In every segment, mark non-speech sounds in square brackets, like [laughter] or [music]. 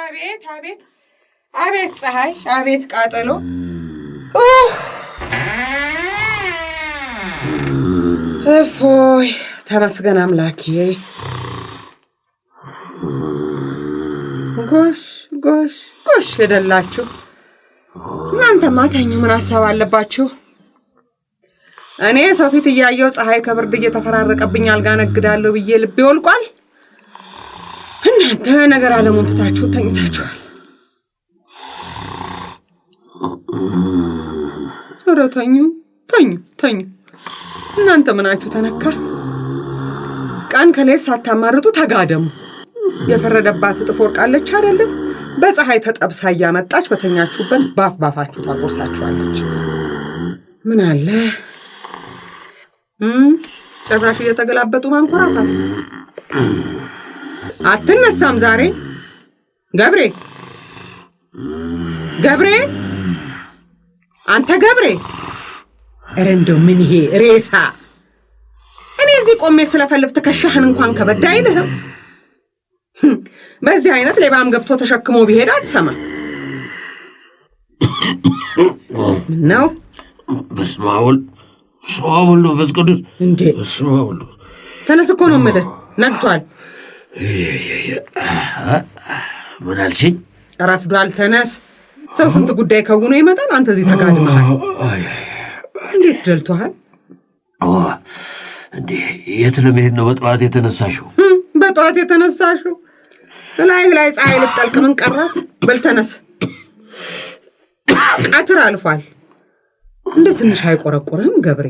አቤት አቤት ፀሐይ፣ አቤት ቃጠሎ እፎይ ተመስገን አምላኬ። ጎሽ ጎሽ ጎሽ ሄደላችሁ። እናንተማ ተኙ፣ ምን ሀሳብ አለባችሁ? እኔ ሰው ፊት እያየሁ ፀሐይ ከብርድ እየተፈራረቀብኝ አልጋ ነግዳለሁ ብዬ ልቤ ወልቋል። እናንተ ነገር አለሙን ትታችሁ ተኝታችኋል። ኧረ ተኙ ተኙ ተኙ። እናንተ ምናችሁ ተነካ? ቀን ከሌት ሳታማርጡ ተጋደሙ። የፈረደባት እጥፍ ቃለች አይደለም? በፀሐይ ተጠብሳ እያመጣች በተኛችሁበት ባፍ ባፋችሁ ታጎርሳችኋለች። ምን አለ ጭራሽ እየተገላበጡ ማንኮራፋት። አትነሳም ዛሬ ገብሬ? ገብሬ አንተ ገብሬ እረ እንደው ምን ይሄ ሬሳ! እኔ እዚህ ቆሜ ስለፈልፍ ትከሻህን እንኳን ከበድ አይልህም። በዚህ አይነት ሌባም ገብቶ ተሸክሞ ቢሄድ አትሰማም ነው። በስመ አብ ወልድ በስመ አብ ወልድ መንፈስ ቅዱስ። እንዴ በስመ አብ ወልድ ተነስ እኮ ነው የምልህ። ነግቷል። ምን አልሽኝ? ረፍዷል። ተነስ። ሰው ስንት ጉዳይ ከውኖ ይመጣል። አንተ እዚህ ተጋድመሃል። እንዴት ደልቶሃል? እንዴ የት ለመሄድ ነው በጠዋት የተነሳሽው? በጠዋት የተነሳሽው ላይ ላይ ፀሐይ ልጠልቅ ምን ቀራት? በልተነስ ቀትር አልፏል። እንደ ትንሽ አይቆረቆርህም ገብሬ?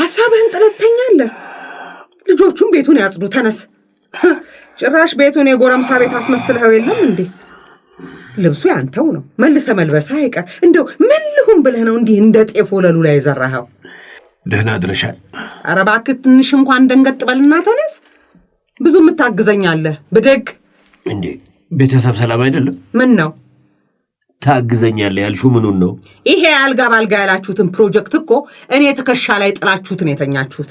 ሀሳብህን ጥለት ተኛለህ። ልጆቹም ቤቱን ያጽዱ፣ ተነስ። ጭራሽ ቤቱን የጎረምሳ ቤት አስመስልኸው የለም እንዴ? ልብሱ ያንተው ነው። መልሰ መልበሳ አይቀር እንደው ምን ልሁን ብለህ ነው እንዲህ እንደ ጤፍ ወለሉ ላይ የዘራኸው? ደህና ድረሻል። ኧረ እባክህ ትንሽ እንኳን ደንገጥ በልና ተነስ። ብዙ የምታግዘኛለህ ብደግ። እንዴ ቤተሰብ ሰላም አይደለም? ምን ነው ታግዘኛለህ ያልሹ? ምኑን ነው ይሄ? አልጋ ባልጋ ያላችሁትን ፕሮጀክት እኮ እኔ ትከሻ ላይ ጥላችሁትን የተኛችሁት።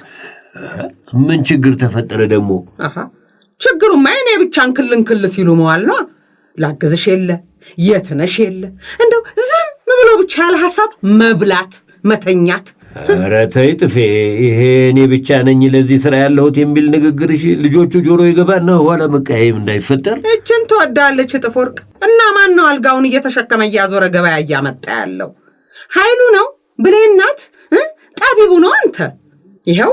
ምን ችግር ተፈጠረ ደግሞ? ችግሩማ እኔ ብቻን ክልን ክል ሲሉ መዋል ነው። ላግዝሽ የለ የትነሽ የለ እንደው ዝም ብሎ ብቻ ያለ ሐሳብ መብላት መተኛት። ኧረ ተይ ጥፌ፣ ይሄ እኔ ብቻ ነኝ ለዚህ ሥራ ያለሁት የሚል ንግግርሽ ልጆቹ ጆሮ ይገባና ኋላ መቃየም እንዳይፈጠር። እችን ትወዳለች እጥፍ ወርቅ። እና ማን ነው አልጋውን እየተሸከመ እያዞረ ገበያ እያመጣ ያለው? ኃይሉ ነው ብሌናት ናት ጠቢቡ ነው አንተ። ይኸው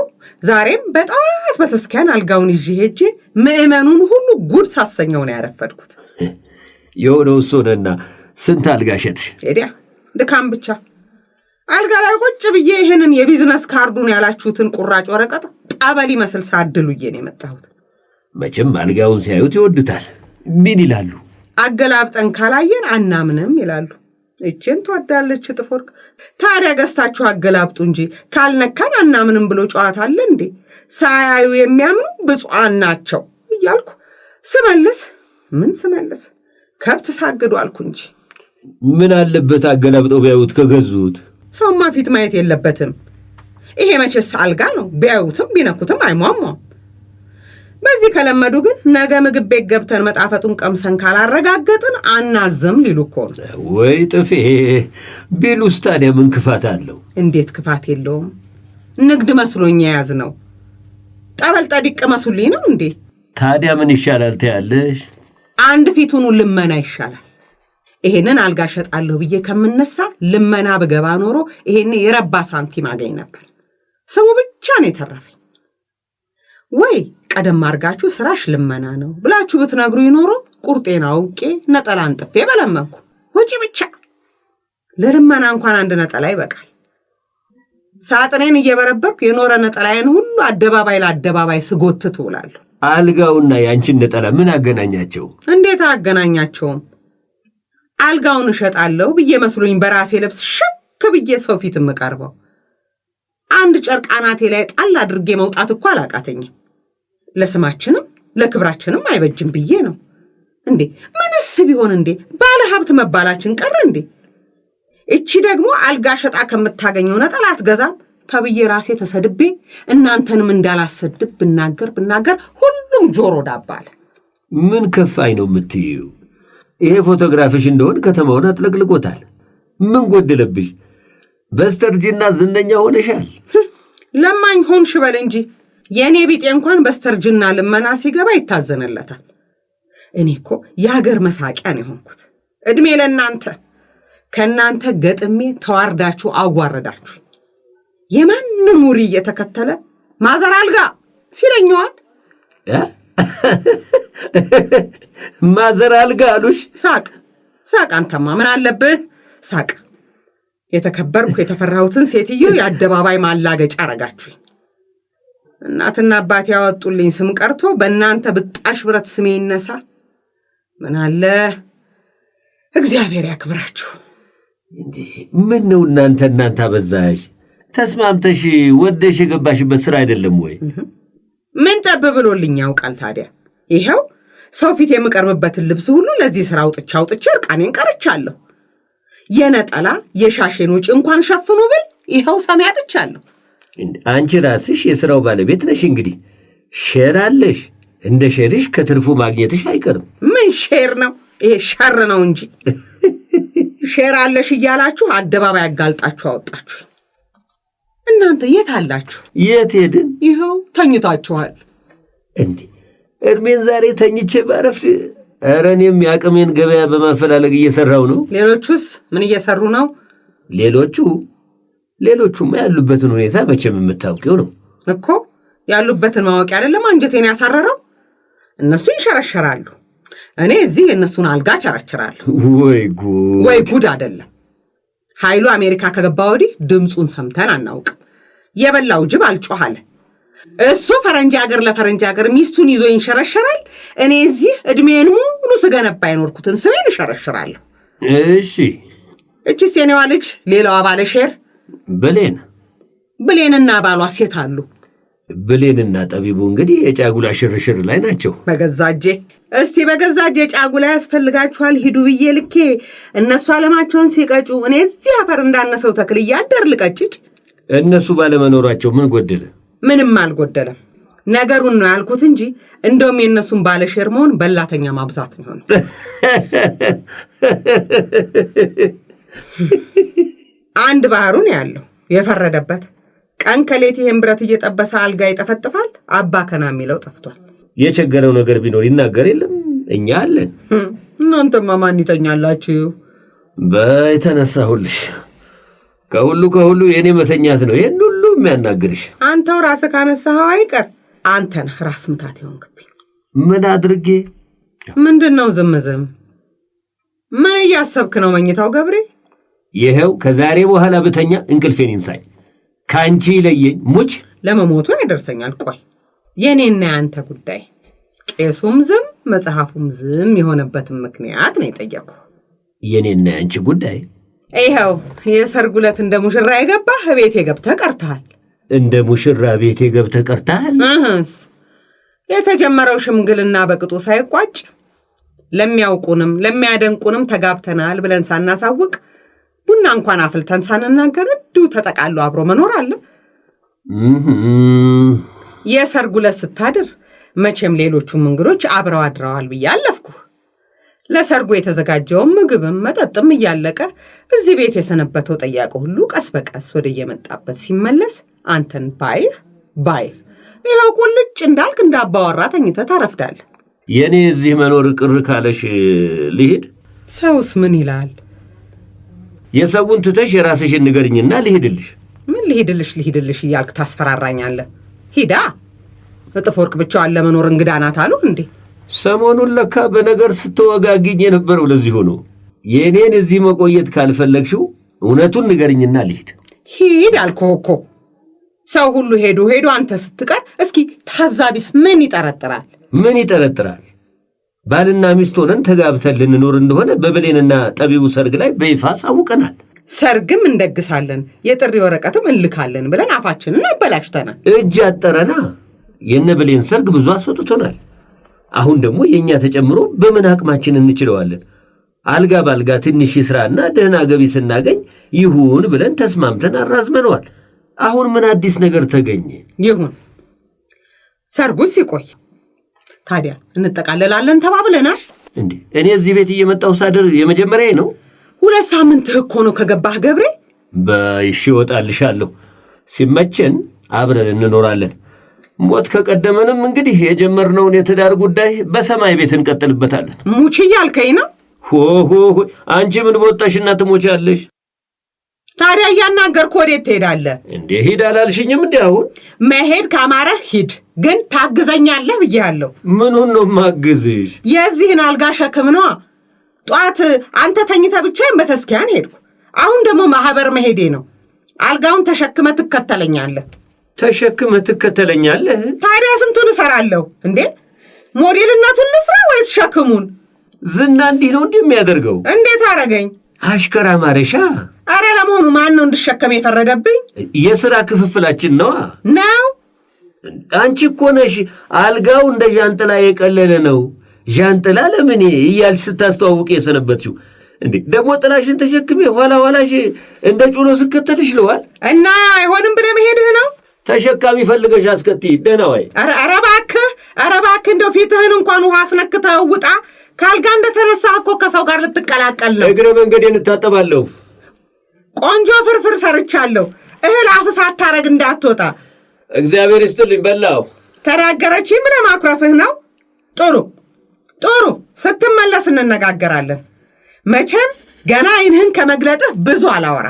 ዛሬም በጠዋት በተስኪያን አልጋውን ይዤ ሄጄ ምዕመኑን ሁሉ ጉድ ሳሰኘው ነው ያረፈድኩት። የሆነው እሱ ነና ስንት አልጋ ሄዲያ ድካም ብቻ አልጋ ላይ ቁጭ ብዬ ይህንን የቢዝነስ ካርዱን ያላችሁትን ቁራጭ ወረቀት ጠበል ይመስል ሳድሉ ነው የመጣሁት። መቼም አልጋውን ሲያዩት ይወዱታል። ምን ይላሉ? አገላብጠን ካላየን አናምንም ይላሉ። እችን ትወዳለች ጥፎርክ። ታዲያ ገዝታችሁ አገላብጡ እንጂ ካልነካን አናምንም ብሎ ጨዋታ አለ እንዴ? ሳያዩ የሚያምኑ ብፁዓን ናቸው እያልኩ ስመልስ ምን ስመልስ ከብት ሳግዱ አልኩ እንጂ ምን አለበት አገላብጠው ቢያዩት ከገዙት። ሰውማ ፊት ማየት የለበትም። ይሄ መቼስ አልጋ ነው፣ ቢያዩትም ቢነኩትም አይሟሟም። በዚህ ከለመዱ ግን ነገ ምግብ ቤት ገብተን መጣፈጡን ቀምሰን ካላረጋገጥን አናዝም ሊሉ እኮ ነው። ወይ ጥፌ ቢሉስ ታዲያ ምን ክፋት አለው? እንዴት ክፋት የለውም። ንግድ መስሎኝ የያዝ ነው። ጠበል ጠዲቅ መሱልኝ ነው እንዴ? ታዲያ ምን ይሻላል ትያለሽ? አንድ ፊቱኑ ልመና ይሻላል። ይሄንን አልጋ ሸጣለሁ ብዬ ከምነሳ ልመና ብገባ ኖሮ ይሄን የረባ ሳንቲም አገኝ ነበር። ስሙ ብቻ ነው የተረፈኝ። ወይ ቀደም አድርጋችሁ ስራሽ ልመና ነው ብላችሁ ብትነግሩ ይኖሮ ቁርጤን አውቄ ነጠላ አንጥፌ በለመንኩ። ውጪ ብቻ ለልመና እንኳን አንድ ነጠላ ይበቃል። ሳጥኔን እየበረበርኩ የኖረ ነጠላዬን ሁሉ አደባባይ ለአደባባይ ስጎትት ውላለሁ። አልጋውና ያንቺን ነጠላ ምን አገናኛቸው? እንዴት አገናኛቸውም? አልጋውን እሸጣለሁ ብዬ መስሎኝ በራሴ ልብስ ሽክ ብዬ ሰው ፊት የምቀርበው አንድ ጨርቅ አናቴ ላይ ጣል አድርጌ መውጣት እኮ አላቃተኝም። ለስማችንም ለክብራችንም አይበጅም ብዬ ነው እንዴ። ምንስ ቢሆን እንዴ ባለ ሀብት መባላችን ቀረ እንዴ? እቺ ደግሞ አልጋ ሸጣ ከምታገኘው ነጠላ አትገዛም ተብዬ ራሴ ተሰድቤ እናንተንም እንዳላሰድብ ብናገር ብናገር ሁሉም ጆሮ ዳባል። ምን ከፋኝ ነው የምትዩ? ይሄ ፎቶግራፊሽ እንደሆን ከተማውን አጥለቅልቆታል። ምን ጎደለብሽ? በስተርጅና ዝነኛ ሆነሻል። [laughs] ለማኝ ሆንሽ በል እንጂ የእኔ ቢጤ እንኳን በስተርጅና ልመና ሲገባ ይታዘንለታል። እኔ እኮ የሀገር መሳቂያ ነው የሆንኩት። ዕድሜ ለእናንተ ከእናንተ ገጥሜ ተዋርዳችሁ አዋረዳችሁ። የማንም ውሪ እየተከተለ ማዘር አልጋ ሲለኛዋል። [laughs] ማዘር አልጋ አሉሽ? ሳቅ ሳቅ። አንተማ ምን አለብህ ሳቅ። የተከበርኩ የተፈራሁትን ሴትዮ የአደባባይ ማላገጫ አረጋችሁኝ። እናትና አባት ያወጡልኝ ስም ቀርቶ በእናንተ ብጣሽ ብረት ስሜ ይነሳ። ምን አለ እግዚአብሔር ያክብራችሁ። ምን ነው እናንተ እናንተ አበዛሽ። ተስማምተሽ ወደሽ የገባሽበት ስራ አይደለም ወይ? ምን ጠብ ብሎልኝ ያውቃል ታዲያ? ይኸው ሰው ፊት የምቀርብበትን ልብስ ሁሉ ለዚህ ስራ አውጥቼ አውጥቼ እርቃኔን ቀርቻለሁ። የነጠላ የሻሽን ውጭ እንኳን ሸፍኑ ብል ይኸው ሰሚ አጥቻለሁ። አንቺ ራስሽ የስራው ባለቤት ነሽ። እንግዲህ ሼር አለሽ። እንደ ሼርሽ ከትርፉ ማግኘትሽ አይቀርም። ምን ሼር ነው ይሄ? ሸር ነው እንጂ [laughs] ሼር አለሽ እያላችሁ አደባባይ አጋልጣችሁ አወጣችሁኝ። እናንተ የት አላችሁ? የት ሄድን? ይኸው ተኝታችኋል። እንዲህ እድሜን ዛሬ ተኝቼ ባረፍት። ኧረ እኔም የአቅሜን ገበያ በማፈላለግ እየሰራው ነው። ሌሎቹስ ምን እየሰሩ ነው? ሌሎቹ ሌሎቹማ ያሉበትን ሁኔታ መቼም የምታውቂው ነው እኮ። ያሉበትን ማወቂ አይደለም አንጀቴን ያሳረረው። እነሱ ይሸረሸራሉ፣ እኔ እዚህ የእነሱን አልጋ ቸረችራለሁ። ወይ ጉድ! ወይ ጉድ አይደለም ኃይሉ አሜሪካ ከገባ ወዲህ ድምፁን ሰምተን አናውቅም። የበላው ጅብ አልጮኋለ። እሱ ፈረንጅ ሀገር ለፈረንጅ ሀገር ሚስቱን ይዞ ይንሸረሸራል። እኔ እዚህ እድሜን ሙሉ ስገነባ አይኖርኩትን ስሜን ይሸረሽራለሁ። እሺ፣ እቺ ሴኔዋ ልጅ ሌላዋ ባለ ሼር ብሌን ብሌንና ባሏ ሴት አሉ ብሌንና ጠቢቡ እንግዲህ የጫጉላ ሽርሽር ላይ ናቸው። በገዛ እጄ እስቲ በገዛ እጄ ጫጉላ ያስፈልጋችኋል ሂዱ ብዬ ልኬ እነሱ አለማቸውን ሲቀጩ እኔ እዚህ አፈር እንዳነሰው ተክል እያደር ልቀጭጭ። እነሱ ባለመኖራቸው ምን ጎደለ? ምንም አልጎደለም። ነገሩን ነው ያልኩት እንጂ እንደውም የእነሱን ባለሼር መሆን በላተኛ ማብዛት ነው የሆነው። [laughs] አንድ ባህሩን ያለው የፈረደበት ቀን ከሌት ይሄን ብረት እየጠበሰ አልጋ ይጠፈጥፋል። አባ ከና የሚለው ጠፍቷል። የቸገረው ነገር ቢኖር ይናገር የለም እኛ አለን። እናንተማ ማን ይተኛላችሁ? በተነሳሁልሽ ከሁሉ ከሁሉ የእኔ መተኛት ነው ይህን ሁሉ የሚያናግርሽ። አንተው ራስ ካነሳኸው አይቀር አንተን ራስ ምታት የሆንክብኝ። ምን አድርጌ ምንድን ነው ዝምዝም? ምን እያሰብክ ነው? መኝታው ገብሬ ይኸው ከዛሬ በኋላ ብተኛ እንቅልፌን ይንሳኝ። ከአንቺ ይለየኝ ሙች ለመሞቱን ያደርሰኛል። ቆይ የእኔና የአንተ ጉዳይ ቄሱም ዝም መጽሐፉም ዝም የሆነበትን ምክንያት ነው የጠየኩ። የእኔና የአንቺ ጉዳይ ይኸው የሰርጉ ዕለት እንደ ሙሽራ የገባህ ቤቴ ገብተህ ቀርተሃል። እንደ ሙሽራ ቤቴ ገብተህ ቀርተሃል። የተጀመረው ሽምግልና በቅጡ ሳይቋጭ ለሚያውቁንም ለሚያደንቁንም ተጋብተናል ብለን ሳናሳውቅ ቡና እንኳን አፍልተን ሳንናገር እንዲሁ ተጠቃሎ አብሮ መኖር አለ። የሰርጉ ዕለት ስታድር መቼም ሌሎቹም እንግዶች አብረው አድረዋል ብዬ አለፍኩ። ለሰርጉ የተዘጋጀውን ምግብም መጠጥም እያለቀ እዚህ ቤት የሰነበተው ጠያቂ ሁሉ ቀስ በቀስ ወደ የመጣበት ሲመለስ አንተን ባይህ ባይህ ይኸው ቁልጭ እንዳልክ እንዳባወራ ተኝተህ ታረፍዳለህ። የእኔ እዚህ መኖር ቅር ካለሽ ልሂድ። ሰውስ ምን ይላል? የሰውን ትተሽ የራስሽን ንገርኝና ልሂድልሽ። ምን ልሂድልሽ ልሂድልሽ እያልክ ታስፈራራኛለህ? ሂዳ እጥፍ ወርቅ ብቻዋን ለመኖር እንግዳ ናት አሉ እንዴ? ሰሞኑን ለካ በነገር ስትወጋግኝ የነበረው ለዚህ ሆኖ የእኔን እዚህ መቆየት ካልፈለግሽው እውነቱን ንገርኝና ልሂድ። ሂድ አልከው እኮ ሰው ሁሉ ሄዱ ሄዱ፣ አንተ ስትቀር፣ እስኪ ታዛቢስ ምን ይጠረጥራል? ምን ይጠረጥራል? ባልና ሚስት ሆነን ተጋብተን ልንኖር እንደሆነ በብሌንና ጠቢቡ ሰርግ ላይ በይፋ አሳውቀናል። ሰርግም እንደግሳለን፣ የጥሪ ወረቀትም እንልካለን ብለን አፋችንን አበላሽተናል። እጅ አጠረና የነ ብሌን ሰርግ ብዙ አስወጥቶናል። አሁን ደግሞ የእኛ ተጨምሮ በምን አቅማችን እንችለዋለን? አልጋ ባልጋ ትንሽ ይስራና ደህና ገቢ ስናገኝ ይሁን ብለን ተስማምተን አራዝመነዋል። አሁን ምን አዲስ ነገር ተገኘ? ይሁን ሰርጉስ ሲቆይ። ታዲያ እንጠቃለላለን ተባብለናል እንዴ? እኔ እዚህ ቤት እየመጣሁ ሳድር የመጀመሪያ ነው። ሁለት ሳምንት እኮ ነው ከገባህ ገብሬ። በይሽ እወጣልሻለሁ። ሲመችን አብረን እንኖራለን። ሞት ከቀደመንም እንግዲህ የጀመርነውን የትዳር ጉዳይ በሰማይ ቤት እንቀጥልበታለን። ሙች እያልከኝ ነው? ሆሆ አንቺ ምን በወጣሽና ትሞቻለሽ? ታዲያ እያናገርኩ ወዴት ትሄዳለህ እንዴ? ሂድ አላልሽኝም እንዲ አሁን መሄድ ካማረህ ሂድ፣ ግን ታግዘኛለህ ብያለሁ። ምኑን ነው ማግዝሽ? የዚህን አልጋ ሸክም ነዋ። ጧት አንተ ተኝተ ብቻዬን በተስኪያን ሄድኩ። አሁን ደግሞ ማህበር መሄዴ ነው። አልጋውን ተሸክመ ትከተለኛለህ። ተሸክመ ትከተለኛለህ? ታዲያ ስንቱን እሰራለሁ እንዴ? ሞዴልነቱን ልስራ ወይስ ሸክሙን? ዝና እንዲህ ነው እንዲህ የሚያደርገው። እንዴት አረገኝ? አሽከራ ማረሻ አረ ለመሆኑ ማን ነው እንድሸከም የፈረደብኝ? የስራ ክፍፍላችን ነዋ። ነው አንቺ እኮ ነሽ አልጋው እንደ ዣንጥላ የቀለለ ነው ዣንጥላ ለምን እያልሽ ስታስተዋውቅ የሰነበትሽው እንዴ? ደግሞ ጥላሽን ተሸክሜ ኋላ ኋላሽ እንደ ጩሎ ስከተልሽ ለዋል እና አይሆንም ብለህ መሄድህ ነው። ተሸካሚ ፈልገሽ አስከቲ። ደህና ወይ? ኧረ እባክህ፣ ኧረ እባክህ እንደው ፊትህን እንኳን ውሃ አስነክተህ ውጣ። ካልጋ እንደተነሳህ እኮ ከሰው ጋር ልትቀላቀል ነው። እግረ መንገዴን እታጠባለሁ። ቆንጆ ፍርፍር ሰርቻለሁ። እህል አፍሳት ታረግ እንዳትወጣ። እግዚአብሔር ይስጥልኝ። በላው። ተናገረች። ምን ማኩረፍህ ነው? ጥሩ ጥሩ፣ ስትመለስ እንነጋገራለን። መቼም ገና አይንህን ከመግለጥህ ብዙ አላወራ።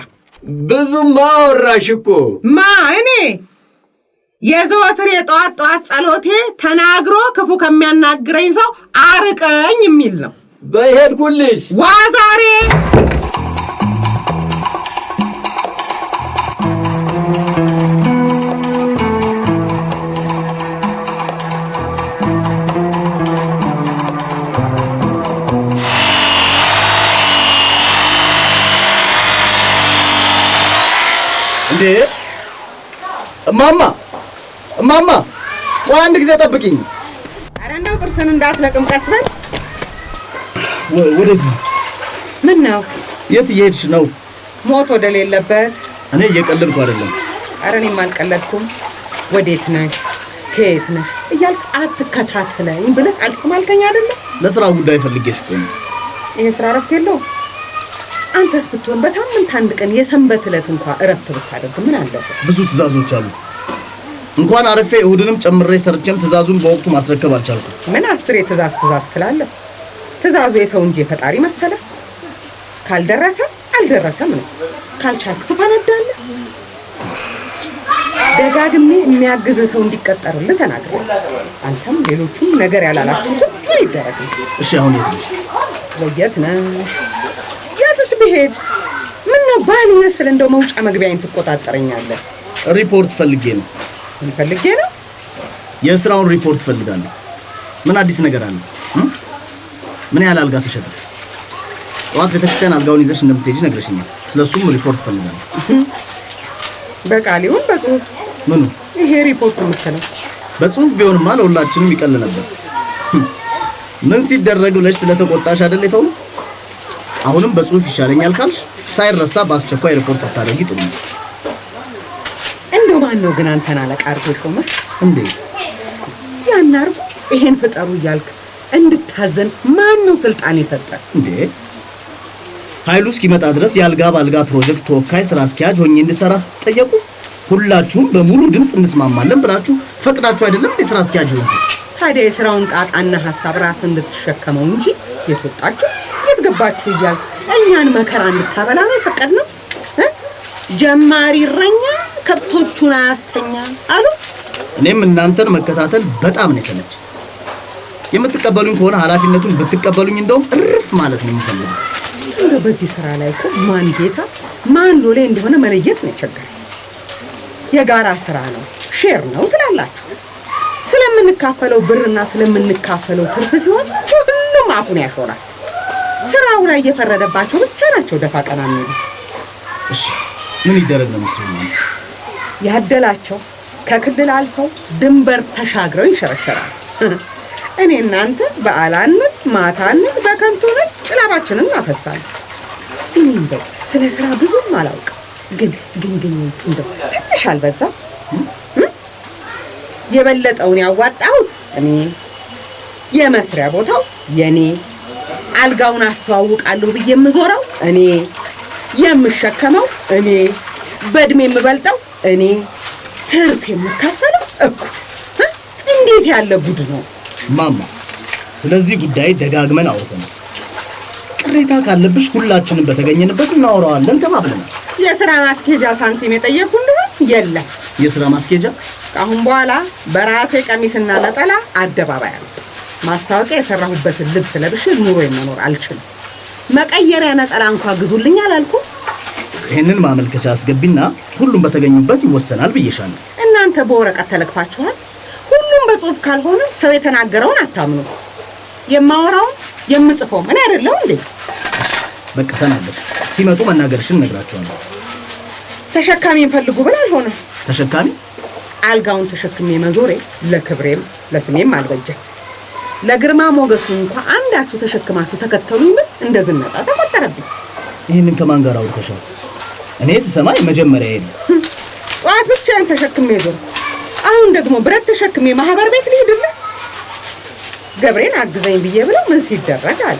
ብዙ ማወራሽ እኮ ማ እኔ የዘወትር የጠዋት ጠዋት ጸሎቴ ተናግሮ ክፉ ከሚያናግረኝ ሰው አርቀኝ የሚል ነው። በሄድኩልሽ ዋዛሬ እንዴ እማማ እማማ፣ ቆይ አንድ ጊዜ ጠብቅኝ። ኧረ እንደው ጥርስን እንዳትለቅም ቀስ በል። ወደዚህ ምን ነው? የት እየሄድሽ ነው? ሞት ወደሌለበት። እኔ እየቀለድኩ አይደለም። ኧረ እኔም አልቀለድኩም። ወዴት ነህ? ከየት ነህ እያልክ አትከታተለኝ ብለህ አልሰማልከኝ አይደለም። ለስራ ጉዳይ ፈልጌሽ እኮ ነው። ይሄ ስራ እረፍት የለውም። አንተስ ብትሆን በሳምንት አንድ ቀን የሰንበት ዕለት እንኳ እረፍት ብታደርግ ምን አለበት? ብዙ ትእዛዞች አሉ። እንኳን አረፌ እሁድንም ጨምሬ ሰርቼም ትእዛዙን በወቅቱ ማስረከብ አልቻልኩም። ምን አስሬ ትእዛዝ ትእዛዝ ትላለህ? ትእዛዙ የሰው እንጂ የፈጣሪ መሰለ? ካልደረሰ አልደረሰም ነው፣ ካልቻልክ ትፈነዳለህ። ደጋግሜ የሚያግዝ ሰው እንዲቀጠርልህ ተናግ አንተም ሌሎቹም ነገር ያላላችሁትም ምን ይደረግ? እሺ አሁን የት ነሽ? ወየት ነሽ? ሄድ ምን ነው ባል ይመስል እንደው መውጫ መግቢያዬን ትቆጣጠረኛለህ። ሪፖርት ፈልጌ ነው። ምን ፈልጌ ነው? የስራውን ሪፖርት ፈልጋለሁ። ምን አዲስ ነገር አለ? ምን ያህል አልጋ ተሸጠ? ጠዋት ቤተክርስቲያን አልጋውን ይዘሽ እንደምትሄጂ ነግረሽኛል። ስለሱም ሪፖርት ፈልጋለሁ። በቃል ይሁን በጽሁፍ ምኑ ይሄ ሪፖርት የምትለው? በጽሁፍ ቢሆንማ ለሁላችንም ይቀል ነበር። ምን ሲደረግ ብለሽ ስለተቆጣሽ አይደል የተውነው አሁንም በጽሁፍ ይሻለኛል ካልሽ ሳይረሳ በአስቸኳይ ሪፖርት ብታደርጊ ጥሩ ነው። እንደው ማን ነው ግን አንተን አለቃ አድርጎ የሾመህ? እንዴት ያን አድርጉ ይሄን ፍጠሩ እያልክ እንድታዘን ማን ነው ስልጣን የሰጠ? እንዴ ኃይሉ እስኪመጣ ድረስ የአልጋ በአልጋ ፕሮጀክት ተወካይ ስራ አስኪያጅ ሆኜ እንድሰራ ስትጠየቁ ሁላችሁም በሙሉ ድምፅ እንስማማለን ብላችሁ ፈቅዳችሁ አይደለም የስራ አስኪያጅ ሆንኩ። ታዲያ የስራውን ጣጣና ሀሳብ ራስ እንድትሸከመው እንጂ የተወጣችሁ የት ገባችሁ እያልኩ እኛን መከራ እንድታበላ ነው የፈቀድነው። ጀማሪ እረኛ ከብቶቹን አያስተኛ አሉ። እኔም እናንተን መከታተል በጣም ነው የሰለቸኝ። የምትቀበሉኝ ከሆነ ኃላፊነቱን ብትቀበሉኝ እንደውም እርፍ ማለት ነው የምፈልገው። እንደው በዚህ ስራ ላይ እኮ ማን ጌታ ማን ሎሌ እንደሆነ መለየት ነው የቸገረኝ። የጋራ ስራ ነው፣ ሼር ነው ትላላችሁ። ስለምንካፈለው ብርና ስለምንካፈለው ትርፍ ሲሆን ሁሉም አፉን ያሾራል። ስራው ላይ እየፈረደባቸው ብቻ ናቸው ደፋ ቀና የሚሉ። እሺ ምን ይደረግ ነው የምትሆነው? ያደላቸው ከክልል አልፈው ድንበር ተሻግረው ይሸረሸራል። [laughs] እኔ እናንተ በዓላንን ማታንን በከንቱ ነጭ ላባችንን እናፈሳለን። እኔ እንደው ስለ ስራ ብዙም አላውቅም፣ ግን ግን ግን እንደው ትንሽ አልበዛ? የበለጠውን ያዋጣሁት እኔ፣ የመስሪያ ቦታው የኔ አልጋውን አስተዋውቃለሁ ብዬ የምዞረው እኔ፣ የምሸከመው እኔ፣ በእድሜ የምበልጠው እኔ፣ ትርፍ የምከፈለው እኮ። እንዴት ያለ ጉድ ነው ማማ! ስለዚህ ጉዳይ ደጋግመን አውርተናል። ቅሬታ ካለብሽ ሁላችንም በተገኘንበት እናወራዋለን ተባብለናል። የሥራ ማስኬጃ ሳንቲም የጠየቁ እንደሆን የለም። የሥራ ማስኬጃ ከአሁን በኋላ በራሴ ቀሚስና ነጠላ አደባባይ አለ ማስታወቂያ የሰራሁበትን ልብስ ለብሼ ኑሮ መኖር አልችልም። መቀየሪያ ነጠላ እንኳ ግዙልኝ አላልኩ? ይህንን ማመልከቻ አስገቢና ሁሉም በተገኙበት ይወሰናል ብዬሻለሁ። እናንተ በወረቀት ተለክፋችኋል። ሁሉም በጽሁፍ ካልሆነ ሰው የተናገረውን አታምኑ። የማወራውን የምጽፈው ምን አይደለው እንዴ? በቃ ተናገር። ሲመጡ መናገርሽን እነግራቸዋለሁ። ተሸካሚ ፈልጉ ብል አልሆነ ተሸካሚ አልጋውን ተሸክሜ መዞሬ ለክብሬም ለስሜም አልበጀም። ለግርማ ሞገሱ እንኳ አንዳችሁ ተሸክማችሁ ተከተሉ ምን እንደ ዝነጣ ተቆጠረብኝ። ይህንን ከማን ጋር አውርተሻል? እኔ ስሰማ መጀመሪያ ይሄ ጠዋት ብቻዬን ተሸክሜ ዞር፣ አሁን ደግሞ ብረት ተሸክሜ ማህበር ቤት ልሂድልህ። ገብሬን አግዘኝ ብዬ ብለው ምን ሲደረግ አለ።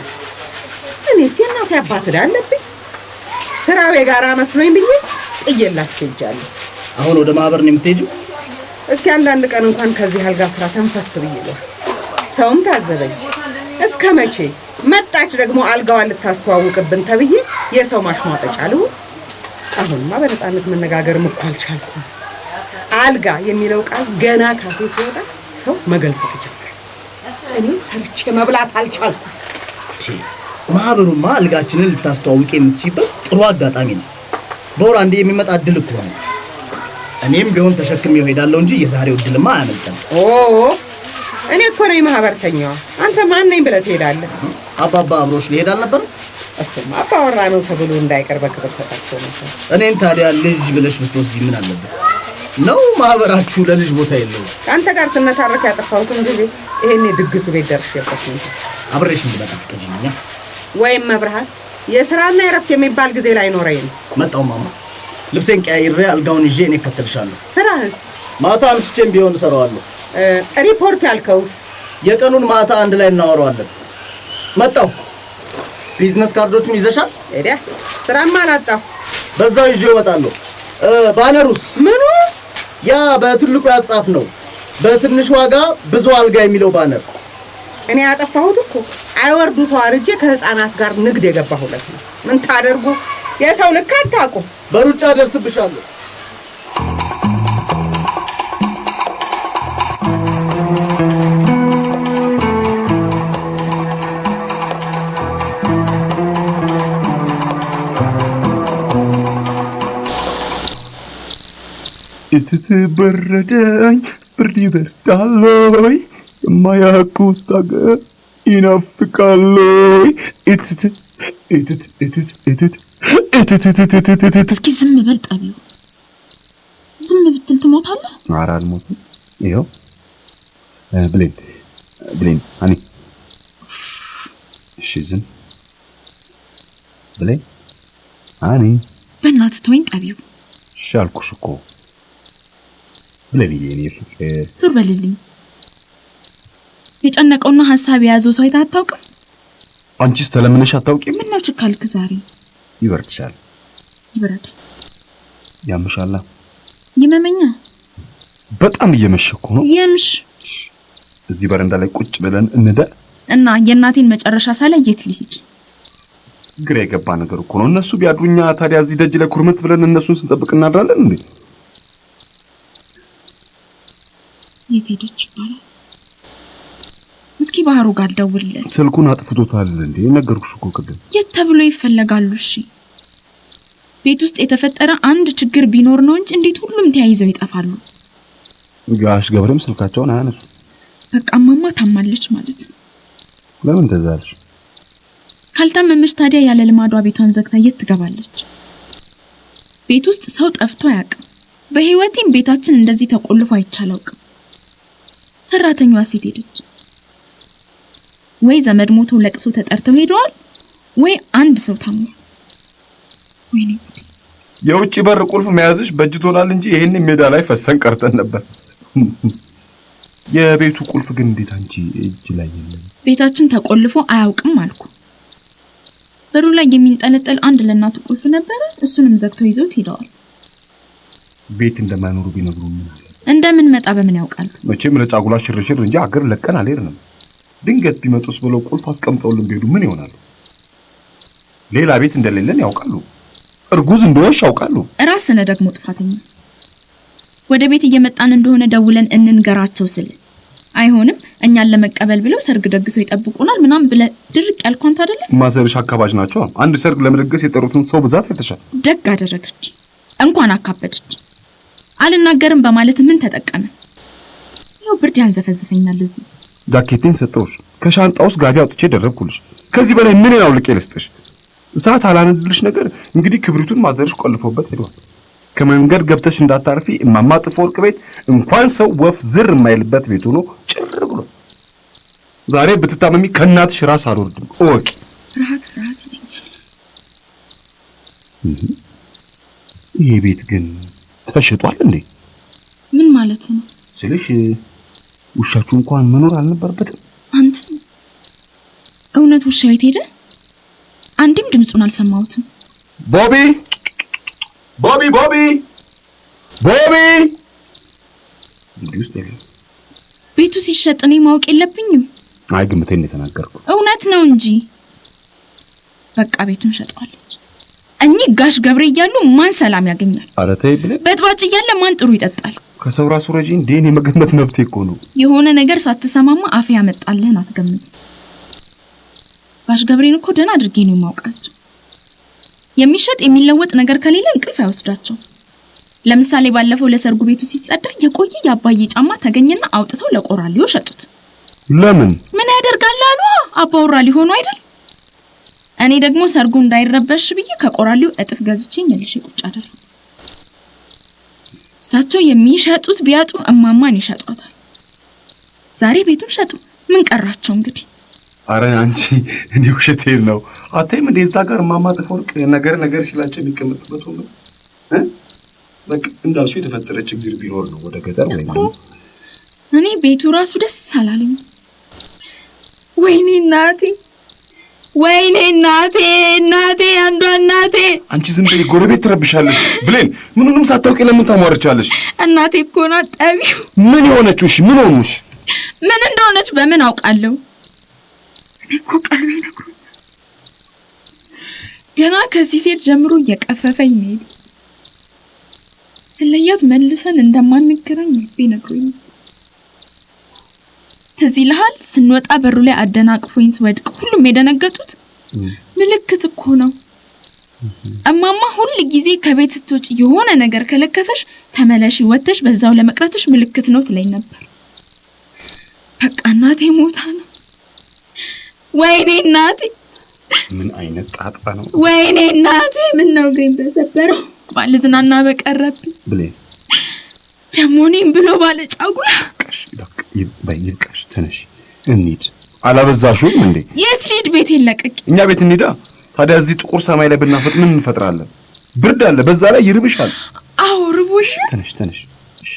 እኔስ የእናቴ አባት ዕዳ አለብኝ፣ ስራው የጋራ መስሎኝ ብዬ ጥዬላችሁ ሄጃለሁ። አሁን ወደ ማህበር ነው የምትሄጂው? እስኪ አንዳንድ ቀን እንኳን ከዚህ አልጋ ስራ ተንፈስ ብዬ ሰውም ታዘበኝ። እስከ መቼ መጣች ደግሞ አልጋዋን ልታስተዋውቅብን ተብዬ የሰው ማሽሟጠጫ ልሁን? አሁንማ በነፃነት መነጋገርም እኮ አልቻልኩም። አልጋ የሚለው ቃል ገና ካፌ ሲወጣ ሰው መገልፈጥ ጀመረ። እኔ ሰርቼ መብላት አልቻልኩም። ማህበሩማ አልጋችንን ልታስተዋውቅ የምትችበት ጥሩ አጋጣሚ ነው። በወር አንዴ የሚመጣ እድል እኮ ነው። እኔም ቢሆን ተሸክሜው እሄዳለሁ እንጂ የዛሬው እድልማ አያመልጠን። እኔ እኮ ነኝ ማህበርተኛዋ። አንተ ማን ነኝ ብለህ ትሄዳለህ? አባባ አብሮሽ ሊሄድ አልነበረ? እሱም አባወራ ነው ተብሎ እንዳይቀር በክብር ተጠርቶ ነበር። እኔን ታዲያ ልጅ ብለሽ ብትወስጂ ምን አለበት? ነው ማህበራችሁ ለልጅ ቦታ የለው። ከአንተ ጋር ስነታረክ ያጠፋሁትን ጊዜ ይሄኔ ድግሱ ቤት ደርሼበት ነው። አብሬሽ እንድመጣ ፍቀጂልኛ። ወይም መብርሃን የስራና የረፍት የሚባል ጊዜ ላይ ኖረኝ ነው። መጣው ማማ። ልብሴን ቀያይሬ አልጋውን ይዤ እኔ እከተልሻለሁ። ስራህስ? ማታ አንስቼም ቢሆን እሰራዋለሁ። ሪፖርት ያልከውስ የቀኑን ማታ አንድ ላይ እናወራዋለን። መጣሁ። ቢዝነስ ካርዶቹን ይዘሻል? እዴ ስራማ አላጣሁ። በዛው ይዤ እወጣለሁ። ባነሩስ? ምኑ? ያ በትልቁ ያጻፍ ነው። በትንሽ ዋጋ ብዙ አልጋ የሚለው ባነር እኔ ያጠፋሁት እኮ አይወርዱ ተዋርጄ ከህፃናት ጋር ንግድ የገባሁለት ነው። ምን ታደርጉ፣ የሰው ልክ አታውቁ። በሩጫ ደርስብሻለሁ። ስትበረደኝ ብርድ ይበርዳለይ የማያውቁት አገር ይናፍቃለይ እትት እትት እትት እትት እትት እትት እትት እስኪ ዝም በል ጠቢው፣ ዝም ብትል ትሞታለህ። ኧረ አልሞትም። ይኸው ብሌን ብሌን አኒ እሺ ዝም ብሌን አኒ በእናትህ ተወኝ ጠቢው። እሺ አልኩሽ እኮ ብለብዬ እኔ ፍቅር በልልኝ። የጨነቀውና ሀሳብ የያዘው ሰው አታውቅም? አንቺስ ተለምነሽ አታውቂም? ምነው ችካልክ ዛሬ? ይበርድሻል። ያምሻላ። ይመመኛ። በጣም ነው። እዚህ በረንዳ ላይ ቁጭ ብለን እንደ እና የእናቴን መጨረሻ ሳላይ የት ግራ የገባ ነገር እኮ ነው። እነሱ ቢያድሩኛ ታዲያ እዚህ ደጅ ላይ ብለን እነሱን ስንጠብቅ እናድራለን እንዴ? የት ሄደች ይባላል። እስኪ ባህሩ ጋር ደውልለት። ስልኩን አጥፍቶታል እንዴ? ነገርኩሽ እኮ ቅድም። የት ተብሎ ይፈለጋሉ? እሺ ቤት ውስጥ የተፈጠረ አንድ ችግር ቢኖር ነው እንጂ እንዴት ሁሉም ተያይዘው ይጠፋሉ? ጋሽ ገብረም ስልካቸውን አያነሱ። በቃ እማማ ታማለች ማለት ነው። ለምን ተዛለች? ካልታመመች ታዲያ ያለ ልማዷ ቤቷን ዘግታ የት ትገባለች? ቤት ውስጥ ሰው ጠፍቶ አያውቅም። በህይወቴም ቤታችን እንደዚህ ተቆልፎ አይቻላውቅም? ሰራተኛዋ ሴት ሄደች። ወይ ዘመድ ሞቶ ለቅሶ ተጠርተው ሄደዋል፣ ወይ አንድ ሰው ታሞ። ወይኔ የውጭ በር ቁልፍ መያዝሽ በጅቶናል እንጂ ይሄን ሜዳ ላይ ፈሰን ቀርተን ነበር። [laughs] የቤቱ ቁልፍ ግን እንዴት አንቺ እጅ ላይ የለም? ቤታችን ተቆልፎ አያውቅም አልኩ። በሩ ላይ የሚንጠለጠል አንድ ለእናቱ ቁልፍ ነበረ። እሱንም ዘግተው ይዘውት ሄደዋል። ቤት እንደማይኖሩ ቢነግሩኝ እንደምንመጣ በምን ያውቃል? መቼም ለጫጉላ ሽርሽር እንጂ አገር ለቀን አልሄድንም። ድንገት ቢመጡስ ብለው ቁልፍ አስቀምጠውልን ቢሄዱ ምን ይሆናሉ? ሌላ ቤት እንደሌለን ያውቃሉ። እርጉዝ እንደሆነሽ ያውቃሉ። ራስነ ደግሞ ጥፋተኛ። ወደ ቤት እየመጣን እንደሆነ ደውለን እንንገራቸው ስል አይሆንም እኛን ለመቀበል ብለው ሰርግ ደግሰው ይጠብቁናል ምናም ብለህ ድርቅ ያልኩህ አንተ አይደለ? ማዘርሽ አካባጅ ናቸው። አንድ ሰርግ ለመደገስ የጠሩትን ሰው ብዛት አይተሻል። ደግ አደረገች፣ እንኳን አካበደች። አልናገርም በማለት ምን ተጠቀመ? ያው ብርድ ያንዘፈዝፈኛል። እዚህ ጃኬቴን ሰጠሁሽ፣ ከሻንጣ ውስጥ ጋቢ አውጥቼ ደረብኩልሽ። ከዚህ በላይ ምን አውልቄ ልስጥሽ? እሳት አላነድልሽ ነገር እንግዲህ ክብሪቱን ማዘርሽ ቆልፎበት ሄዷል። ከመንገድ ገብተሽ እንዳታርፊ እማማ ወርቅ ቤት እንኳን ሰው ወፍ ዝር የማይልበት ቤት ሆኖ ጭር ብሎ ዛሬ ብትታመሚ ከእናትሽ ራስ አልወርድም ኦኬ ይሄ ቤት ግን ተሸጧል እንዴ? ምን ማለት ነው ስልሽ፣ ውሻችሁ እንኳን መኖር አልነበረበትም። አንተ እውነት ውሻ ቤት ሄደ? አንድም ድምፁን አልሰማሁትም። ቦቢ ቦቢ ቦቢ ቦቢ! ቤቱ ሲሸጥ እኔ ማወቅ የለብኝም። አይ ግምቴን የተናገርኩ እውነት ነው እንጂ በቃ ቤቱን ሸጠዋል። እኚህ ጋሽ ገብሬ እያሉ ማን ሰላም ያገኛል? ኧረ ተይ በጥባጭ እያለ ማን ጥሩ ይጠጣል? ከሰው ራሱ ረጂ እንደ የመገመት መብቴ እኮ ነው። የሆነ ነገር ሳትሰማማ አፍ ያመጣልህን አትገምት። ጋሽ ገብሬን እኮ ደህና አድርጌ ነው የማውቃቸው። የሚሸጥ የሚለወጥ ነገር ከሌለ እንቅልፍ አይወስዳቸው። ለምሳሌ ባለፈው ለሰርጉ ቤቱ ሲጸዳ የቆየ የአባዬ ጫማ ተገኘና አውጥተው ለቆራሊው ሸጡት። ለምን ምን ያደርጋል አሉ አባውራ ሊሆኑ አይደል እኔ ደግሞ ሰርጉ እንዳይረበሽ ብዬ ከቆራሌው እጥፍ ገዝቼኝ ልሽ ቁጭ አደረ። እሳቸው የሚሸጡት ቢያጡ እማማን ይሸጧታል። ዛሬ ቤቱን ሸጡ፣ ምን ቀራቸው እንግዲህ። አረ አንቺ እኔ ውሸቴን ነው አታይም እንደ እዛ ጋር እማማ ጥፎርቅ ነገር ነገር ሲላቸው የሚቀመጥበት ሁሉ በቃ እንዳልሽው የተፈጠረ ችግር ቢኖር ነው ወደ ገጠር ወይ እኔ ቤቱ ራሱ ደስ አላለኝ። ወይኔ እናቴ ወይኔ እናቴ እናቴ አንዷ እናቴ። አንቺ ዝም በይ፣ ጎረቤት ትረብሻለሽ። ብሌን ምንም ሳታውቂ ለምን ታሟርቻለሽ? እናቴ እኮ ናት ጠቢው። ምን የሆነችው? እሺ ምን ሆኑሽ? ምን እንደሆነች በምን አውቃለሁ? እኔ እኮ ቀልቤ ነግሮኛል። ገና ከዚህ ሴት ጀምሮ እየቀፈፈኝ ነው። ስለያት መልሰን እንደማንገናኝ ልቤ ነግሮኛል። ትዝ ይልሃል? ስንወጣ በሩ ላይ አደናቅፎኝ ስወድቅ ሁሉም የደነገጡት ምልክት እኮ ነው። እማማ ሁል ጊዜ ከቤት ስትወጪ የሆነ ነገር ከለከፈሽ ተመለሽ ወተሽ በዛው ለመቅረትሽ ምልክት ነው ትለኝ ነበር። በቃ እናቴ ሞታ ነው። ወይኔ እናቴ ምን አይነት ጣጣ ነው! ወይኔ እናቴ ምን ነው ግን በሰበረው ባልዝናና ጀሞኔም ብሎ ባለጫጉላ ይብቃሽ፣ ይብቃሽ። ተነሽ እንሂድ። አላበዛሽውም እንዴ? የት ልሂድ? ቤት የለቅቅ እኛ ቤት እንሂዳ። ታዲያ እዚህ ጥቁር ሰማይ ላይ ብናፈጥ ምን እንፈጥራለን? ብርድ አለ፣ በዛ ላይ ይርብሻል። አዎ ርቦሽ። ተነሽ ተነሽ።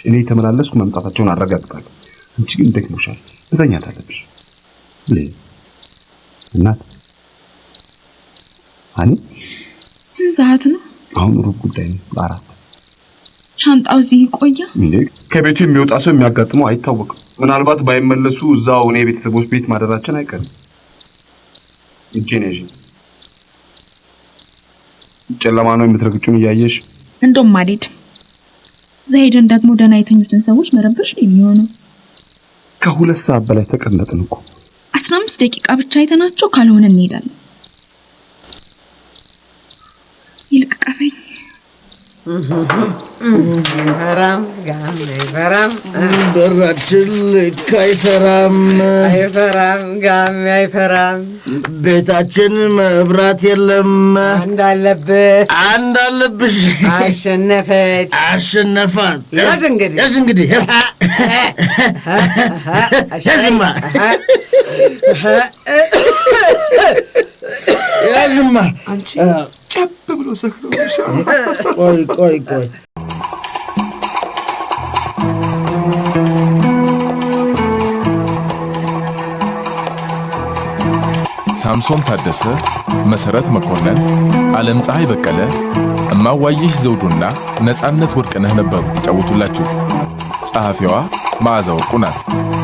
እኔ የተመላለስኩ መምጣታቸውን አረጋግጣለሁ። አንቺ ግን ደክሞሻል፣ መተኛት አለብሽ። እናት አኔ ስንት ሰዓት ነው አሁን? ሩብ ጉዳይ ነው። በአራት ሻንጣው እዚህ ይቆያ። እንዴ? ከቤቱ የሚወጣ ሰው የሚያጋጥመው አይታወቅም። ምናልባት ባይመለሱ እዛው እኔ ቤተሰቦች ቤት ማደራችን አይቀርም። እጄን ያዥ። ጨለማ ነው የምትረግጩን እያየሽ። እንደውም አልሄድም። እዛ ሄደን ደግሞ ደህና የተኙትን ሰዎች መረበሽ ነው የሚሆነው። ከሁለት ሰዓት በላይ ተቀመጥን እኮ። አስራ አምስት ደቂቃ ብቻ አይተናቸው ካልሆነ እንሄዳለን። ይልቅ ቀፈኝ በራችን ልክ አይሰራም፣ አይፈራም፣ ጋሜ አይፈራም። ቤታችን መብራት የለም። አንድ አለብህ፣ አንድ አሸነፈች፣ አሸነፋት። ያዝ እንግዲህ፣ ያዝ እንግዲህ፣ ያዝማ ያዥማ ጨብ ብሎ ሰክሮ ቆይ ቆይ ቆይ ሳምሶን ታደሰ፣ መሰረት መኮንን፣ ዓለም ፀሐይ በቀለ፣ እማዋይሽ ዘውዱና ነፃነት ወርቅነህ ነበሩ ይጫወቱላችሁ። ጸሐፊዋ መዓዛ ወርቁ ናት።